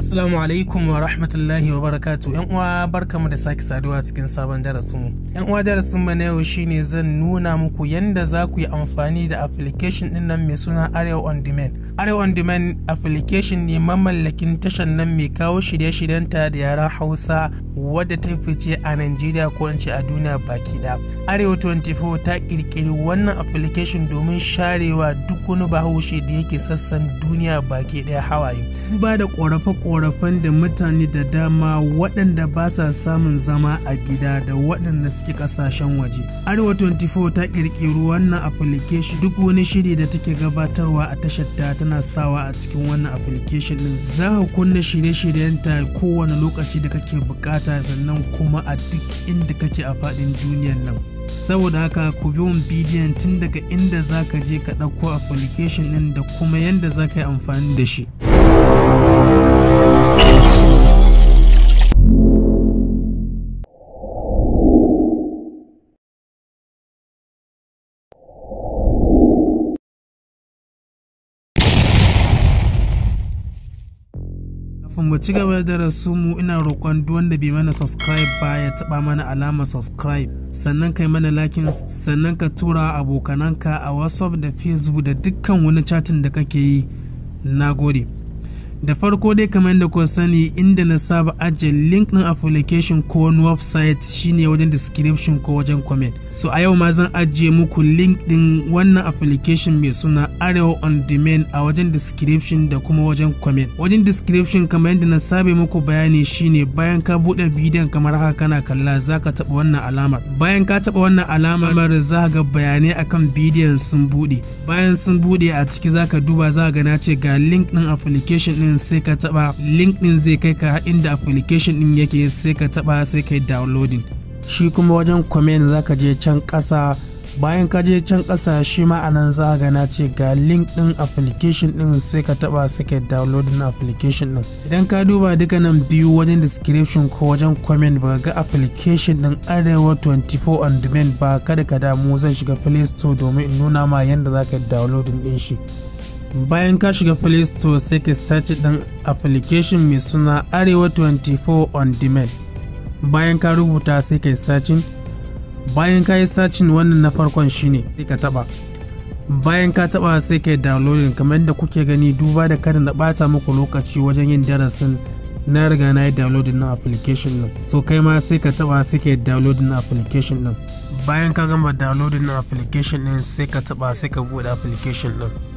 Assalamu alaikum wa rahmatullahi wa barakatu ‘yan uwa barkamu da sake saduwa cikin sabon darasinmu. ‘yan uwa darasin mu na yau shine zan nuna muku yadda za ku yi amfani da application din nan mai suna Arewa on Demand. Arewa on Demand application ne mamallakin tashan nan mai kawo shirye-shiryenta da yaran Hausa wadda ta fice a Najeriya ko in ce a duniya baki da. Arewa 24 ta kirkiri wannan application domin sharewa duk wani bahaushe da yake sassan duniya baki daya hawaye. Duba da ƙorafe Korafan da mutane da dama waɗanda ba sa samun zama a gida da waɗanda suke ƙasashen waje. Arewa 24 ta ƙirƙiri wannan application duk wani shiri da take gabatarwa a tashar ta tana sawa a cikin wannan application ɗin. Za ka kunna shirye-shiryenta kowane lokaci da kake buƙata sannan kuma a duk inda kake a faɗin duniyar nan. saboda haka ku bi wani bidiyon tun daga inda za ka je ka ɗauko application ɗin da kuma yadda za ka yi amfani da shi. mu ci gaba da mu ina roƙon duk wanda bai mana subscribe ba ya taɓa mana alamar subscribe sannan kai mana lakin sannan ka tura abokananka a whatsapp da facebook da dukkan wani chatin da kake yi na da farko dai kamar da kun sani inda na saba ajiye link din application ko wani website shine wajen description ko wajen comment so a yau ma zan ajiye muku link din wannan application mai suna arewa on demand a wajen description da kuma wajen comment wajen description kamar yadda na saba muku bayani shine bayan ka buɗe bidiyon kamar haka kana kalla zaka taɓa wannan alamar bayan ka taɓa wannan alamar za ga bayanai akan bidiyon sun buɗe bayan sun buɗe a ciki zaka duba za ga na ce ga link din application ɗin din sai ka taba link din zai kai ka inda application din yake sai ka taba sai ka yi downloading shi kuma wajen comment za ka je can ƙasa bayan ka je can ƙasa shi ma anan za ka gana ce ga link ɗin application ɗin sai ka taɓa sake downloading application ɗin idan ka duba duka nan biyu wajen description ko wajen comment ba ga application ɗin arewa 24 on demand ba kada ka damu zan shiga play store domin in nuna ma yadda za ka downloading ɗin shi bayan ka shiga play store sai ka search ɗan application mai suna arewa 24 on demand bayan ka rubuta sai ka yi sacin bayan ka yi sacin wannan na farkon shine sai ka taba bayan ka taba sai ka yi downloading kamar yadda kuke gani duba da kada na bata muku lokaci wajen yin darasin na riga na yi downloading na application din so kai ma sai ka taba sai ka yi downloading na application din bayan ka gama downloading na application din sai ka taba sai ka bude application din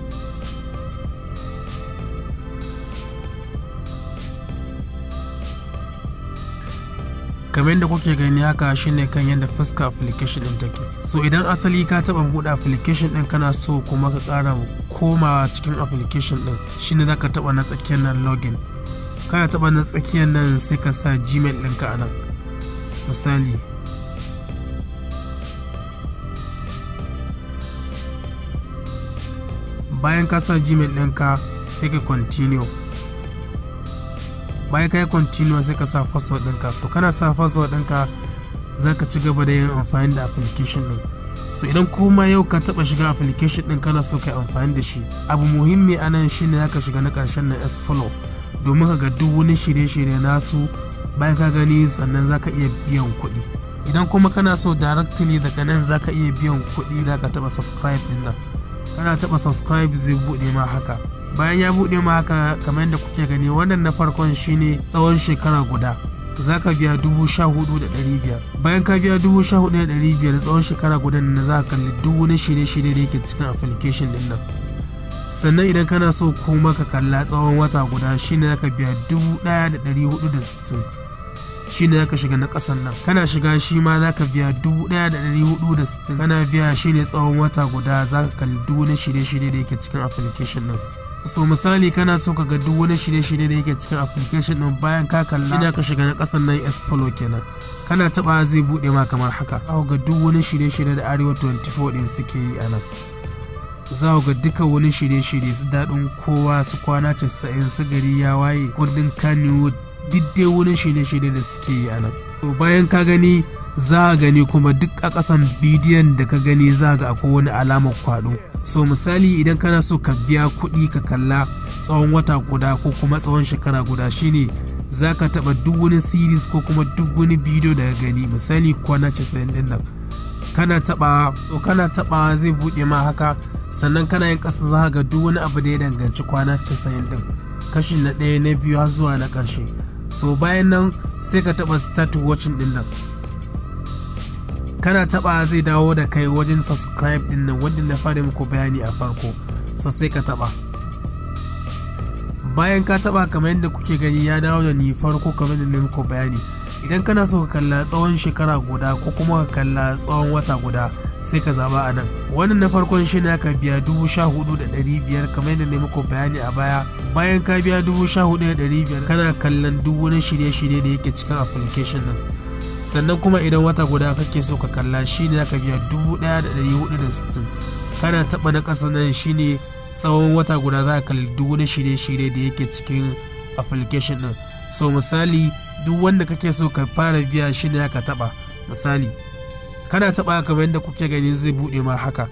kamar yadda kuke gani haka shine kan yadda fuska application din take so idan asali ka taba bude application din kana so kuma ka kara koma cikin application din shine zaka taba na tsakiyar nan login kana taba na tsakiyar nan sai ka sa gmail ɗinka a nan misali bayan ka sa gmail ɗinka sai ka continue bayan kai continue sai ka sa password ɗinka so kana sa password ɗinka za ka ci gaba da yin amfani da application ɗin so idan kuma yau ka taɓa shiga application ɗin kana so ka yi amfani da shi abu muhimmi a nan shine za ka shiga na ƙarshen na s follow domin ka ga duk wani shirye-shirye nasu bayan ka gani sannan za ka iya biyan kuɗi idan kuma kana so directly daga nan za ka iya biyan kuɗi da ka taɓa subscribe ɗin nan kana taɓa subscribe zai buɗe ma haka bayan ya buɗe ma haka kamar yadda kuke gani wannan na farkon shine tsawon shekara guda za ka biya dubu sha hudu da ɗari biyar bayan ka biya dubu sha hudu da ɗari biyar tsawon shekara guda na za ka kalli duk wani shirye-shirye da yake cikin application din nan sannan idan kana so kuma ka kalla tsawon wata guda shine ka biya dubu ɗaya da ɗari hudu da sittin shine zaka shiga na ƙasan nan kana shiga shi ma za ka biya dubu ɗaya da ɗari hudu da sittin kana biya shine tsawon wata guda za ka kalli duk wani shirye-shirye da yake cikin application nan so misali kana so ka ga duk wani shirye-shirye da yake cikin application din bayan ka kalla ina ka shiga na kasan nan explore kenan kana taba zai bude ma kamar haka za ga duk wani shirye-shirye da arewa 24 din suke yi a nan za ga duka wani shirye-shirye su daɗin kowa su kwana casa'in su gari ya waye kundin kanewood duk wani shirye-shirye da suke yi a nan to bayan ka gani za a gani kuma duk a ƙasan bidiyon da ka gani za ga akwai wani alamar kwado so misali idan kana so ka biya kuɗi ka kalla tsawon wata guda ko kuma tsawon shekara guda shine za ka taɓa duk wani series ko kuma duk wani bidiyo daga gani misali kwana 90 ɗin nan kana taɓa kana taɓa zai buɗe ma haka sannan kana yin ƙasa za ga duk wani abu da ya danganci kwana 90 ɗin kashi na ɗaya na biyu har zuwa na ƙarshe so bayan nan sai ka taɓa start watching ɗin nan kana taba zai dawo da kai wajen subscribe din nan wanda na fara muku bayani a farko so sai ka taba bayan ka taba kamar yadda kuke gani ya dawo da ni farko kamar yadda muku bayani idan kana so ka kalla tsawon shekara guda ko kuma ka kalla tsawon wata guda sai ka zaba a nan wannan na farkon shi ka biya dubu sha hudu da dari biyar kamar yadda na muku bayani a baya bayan ka biya dubu sha hudu da dari biyar kana kallon duk wani shirye-shirye da yake cikin application nan sannan kuma idan wata guda kake so ka kalla shi ne aka biya 1460 kana taba na kasa nan shi ne tsawon wata guda za ka kalli duk wani shirye-shirye da yake cikin application ɗin so misali duk wanda kake so ka fara biya shi ne aka taɓa misali kana taɓa kamar yadda kuke gani zai buɗe ma haka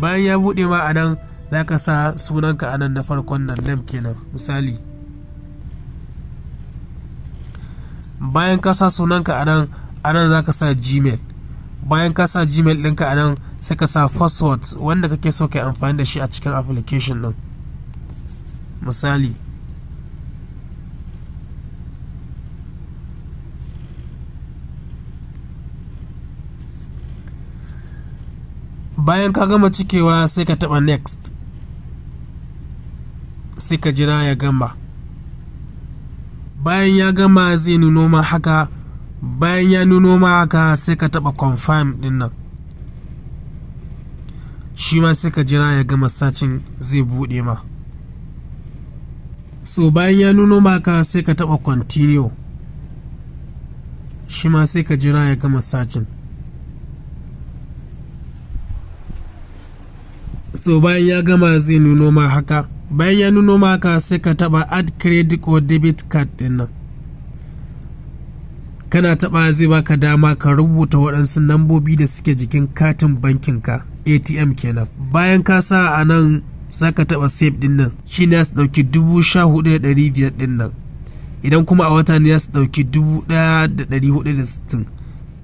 bayan ya buɗe ma a nan za ka sa sunanka anan na farkon nan kenan misali bayan ka sa sunanka a nan za ka sa gmail bayan ka sa gmail ɗinka a nan sai ka sa password wanda kake so ka amfani da shi a cikin application ɗin misali bayan ka gama cikewa sai ka taɓa next sai ka jira ya gama bayan ya gama zai nuno ma haka bayan ya nuno ma haka sai ka taba confirm din nan shi ma sai ka jira ya gama sacin zai bude ma so bayan ya nuno ma haka sai ka taba continue shi ma sai ka jira ya gama sacin so bayan ya gama zai nuno ma haka bayan nuno maka sai ka taba add credit ko debit card din nan kana taba zai baka dama ka rubuta waɗansu nambobi da suke jikin katin bankin ka atm kenan bayan ka sa a nan za ka taba save din nan shi ne su ɗauki dubu sha hudu da ɗari biyar din nan idan kuma a wata ne su ɗauki dubu ɗaya da ɗari hudu da sittin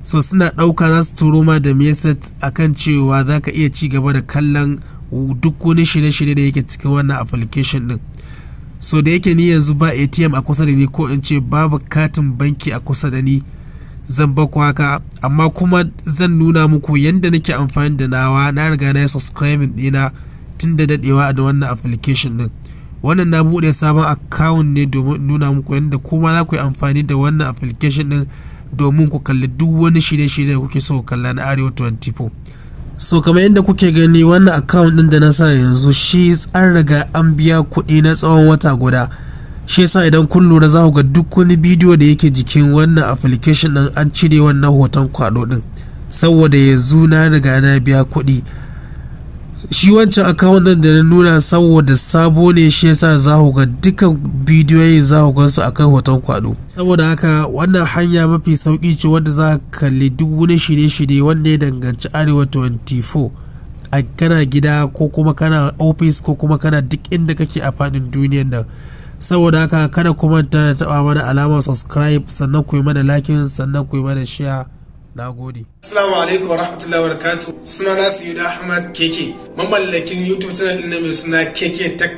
so suna ɗauka za su turo ma da message akan cewa za ka iya ci gaba da kallon duk wani shirye-shirye da yake cikin wannan application din so da yake ni yanzu ba atm a kusa da ni ko in ce babu katin banki a kusa da ni zan baku haka amma kuma zan nuna muku yadda nake amfani da nawa na riga na yi subscribing dina tun da dadewa da wannan application din wannan na buɗe sabon account ne domin nuna muku yadda kuma za ku yi amfani da wannan application din domin ku kalli duk wani shirye-shirye da kuke so kalla na arewa 24 so kamar yadda kuke gani wannan account din da na sa yanzu shi an riga an biya kuɗi na tsawon wata guda shi yasa idan kun lura za ku ga duk wani bidiyo da yake jikin wannan application din an cire wannan hoton kwado din saboda yanzu na riga na biya kuɗi shi wancan akawun nan da na nuna saboda sabo ne shi yasa za ku ga dukkan bidiyoyin za ku gansu akan hoton kwado saboda haka wannan hanya mafi sauki ce wanda za ka kalli duk wani shirye-shirye wanda ya danganci arewa 24 a kana gida ko kuma kana ofis ko kuma kana duk inda kake a faɗin duniyar nan saboda haka kada kuma ta taba mana alamar subscribe sannan ku yi mana lakin sannan ku yi share na gode assalamu alaikum warahmatullahi wabarakatuh suna nasu ahmad keke mamallakin youtube channel na mai suna keke tech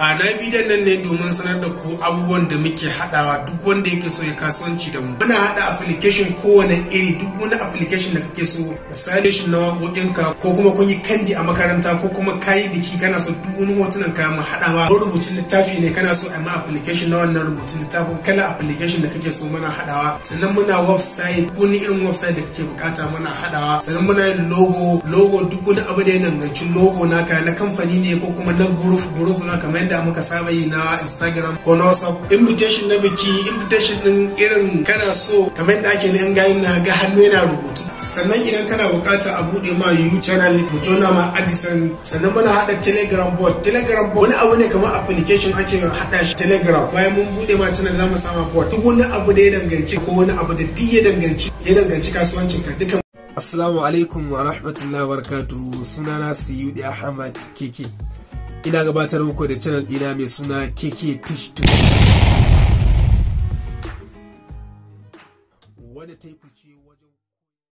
a na da nan ne domin sanar da ku abubuwan da muke hadawa duk wanda yake so ya kasuwanci da mu muna hada application kowane iri duk wani application da kake so misali shi na wakokinka ko kuma kun yi kandi a makaranta ko kuma kayi biki kana so duk wani hotunan ka mu hadawa ma rubutun littafi ne kana so a ma application na wannan rubutun littafin kala application da kake so muna hadawa sannan muna website ko ni irin website da kake bukata muna hadawa sannan muna yin logo logo duk wani abu da ya danganci logo naka na kamfani ne ko kuma na group group na kamar yadda muka saba yi na instagram ko na whatsapp invitation na biki invitation din irin kana so kamar da ake nan ga na ga hannu yana rubutu sannan idan kana bukata a bude ma youtube channel mu jona ma addison sannan muna hada telegram board telegram board wani abu ne kamar application ake hada shi telegram bayan mun bude ma channel zamu sama board duk wani abu da ya danganci ko wani abu da duk ya danganci ya danganci ka dukan Assalamu alaikum wa rahmatullahi wa barakatuhu sunana Siyudi Ahmad Keke. ina gabatar muku da channel ina mai suna keke Tish tush